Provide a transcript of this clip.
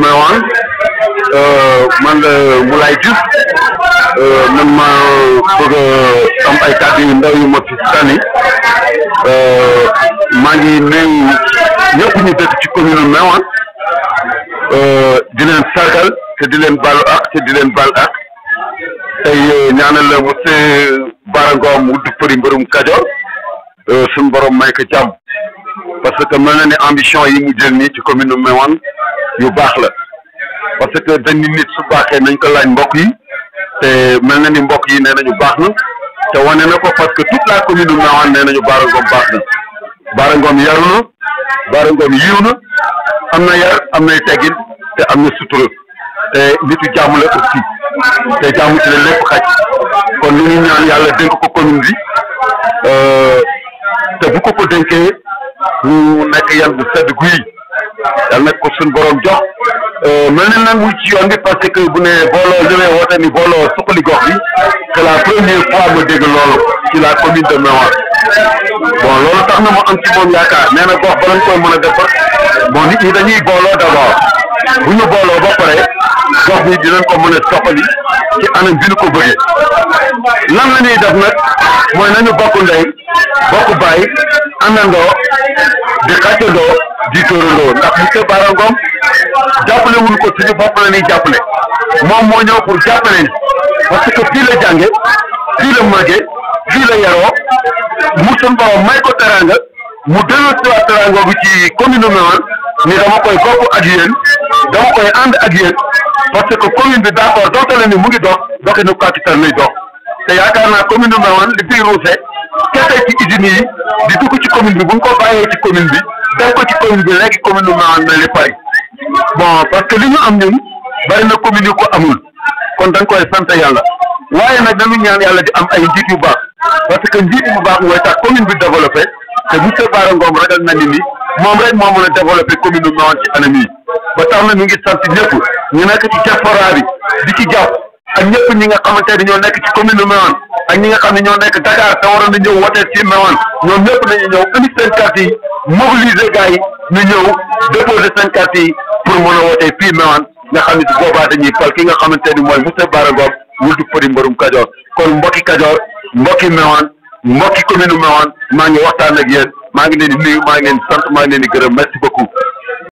Mewane euh, man la Moulay Diouf man euh, ma bëgg a am ay kàddu yu ndaw yu ma fi sànni euh, maa ngi nuyu ñëpp ñu dëkk ci commune Mewane di leen sargal te di leen baalu ak te di leen baal ak tey ñaanal la monsieur Bara Ngom wudd përi mbërum Kajoor suñu borom may ko jàmm parce que mel na ni ambition yi mu jël nii ci commune Mewane yu baax la parce que dañ nit su baaxee nañ ko laaj mbokk yi te mel na ni mbokk yi nee nañu baax na te wane na ko parce que toute la commune Mawane nee nañu Bara baax na Bara Ngom yaru na Bara Ngom yiw na am na yar am nay teggin te am na sutura te nitu jàmm la si te jàmm ci la lépp xaj kon li ñu ñaan yàlla dénk ko commune bi euh, te bu ko ko dénkee mu nekk yan bu sedd guy yàlla nag ko suñ borom jox euh, mel na nag muy yoon bi parce que bu ne booloo li may woote ni booloo suqali gox bi c'est la première fois ma dégg loolu ci la commune de Méouane bon loolu tax na mu am ci moom yaakaar nee gox ba lañ koy mën a defar bon nit ñi dañuy booloo d'abord bu ñu booloo ba pare gox bi dinañ ko a soqali ci anam bi ñu ko bëggee lan la ñuy def nag mooy nañu bokk ndey bokk bàyyi àndandoo àndandoo di tóorandoo ndax monsieur Bara Ngom jàppale wuñ ko suñu bopp la ñuy jàppale moom moo ñëw pour jàppale parce que fii la jànge fii la màggee fii la yaroo mu suñ borom may ko teranga mu delloo si bi ci commune Meouane ni dama koy bokk ak yéen dama koy ànd ak yéen parce que commune bi d'accord donte la ni mu ngi dox doxinu capital lay dox te yaakaar naa commune Meouane li fiy ruuse kese ci usines yi di dugg ci commune bi bu ñu ko bàyyee teg ko ci commune bi léegi commune nu Mawane mel ni Paris bon parce li ñu am ñun bari na commune yu ko amul kon dañ koy sant yàlla waaye nag dañu ñaan yàlla di am ay njiit yu baax parce njiit bu baax mooy tax commune bi développé te monsieur Bara Ngom ragal na a ni moom rek moo mën a développé bi nu Mawane ci anam yi ba tax na ñu ngi sant ñëpp ñu nekk ci diaspora bi di ci jàpp a ñëpp ñi nga xamante ne ñoo nekk ci commune nu Mawane ak ñi nga xam ne ñoo nekk Dakar te waroon na ñëw woteel ci Mewane ñoom ñëpp nañu ñëw indi seen carte yi mobiliser gars yi ñu ñëw déposer seen carte yi pour mën a wotee fii Mewane nga xam ne si boobaa dañuy fal ki nga xamante ni mooy Moussa Bara Ngom wultu përi mbërum Kajoor kon mbokki Kajoor mbokki Mewane mbokki commune Mewane maa ngi waxtaan ak yéen maa ngi leen di nuyu maa ngi leen di sant maa ngi leen di gërëm merci beaucoup